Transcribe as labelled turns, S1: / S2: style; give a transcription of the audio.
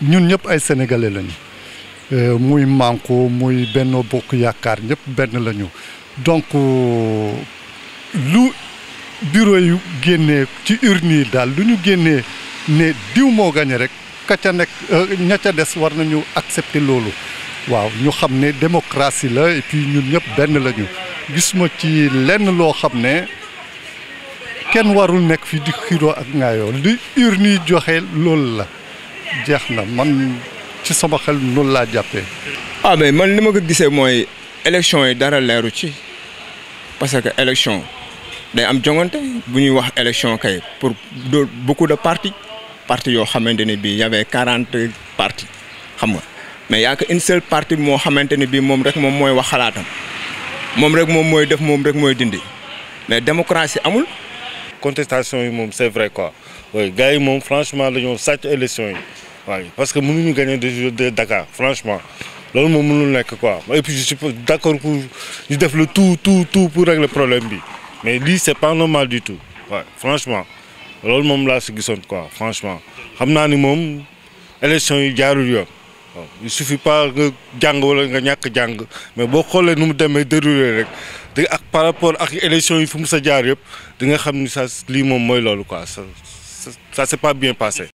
S1: ñun ñëpp ay sénégalais lañu euh, muy Manko muy benn Bokk Yaakaar ñëpp benn lañu donc euh, lu bureau yu génnee ci urni yi daal lu ñu génnee ne diw moo gañe rek ka ca nekk euh, ña ca des war nañu accepter loolu waaw ñu xam ne démocratie la et puis ñun ñëpp benn lañu gisuma ci lenn loo xam ne kenn warul nekk fi di xiroo ak ngaayoo li urne joxe loolu la jeex man
S2: ci sama xel noonu laa jàppee. ah mais man li ma ko gisee mooy élection yi dara leeru ci parce que élection day am jongante bu ñuy wax élection kay pour beaucoup de partis parti yoo xamante ne bii y avait quarante partis xam nga mais yaa que une seule partie moo xamante ne bii moom rek moom mooy wax xalaatam moom rek moom mooy def moom rek mooy dindi mais démocratie amul
S3: contestation yi c'est vrai quoi oui gars yi ils franchement dañoo sàcc élection yi Ouais, parce que mënuñu gagner de de Dakar franchement loolu moom mënul nekk quoi et puis je suis d'accord pour ñu def le tout tout tout pour régler le problème bi mais lui, c'est pas normal du tout Ouais, franchement loolu moom laa si gisoon quoi franchement xam ni moom élection yi jaarul yoon waaw il suffit pas nga jàng wala nga que jàng mais beaucoup les nous mu demee rek par rapport à l'élection, il faut que pas ça soit bien passé. ça ne s'est pas bien passé.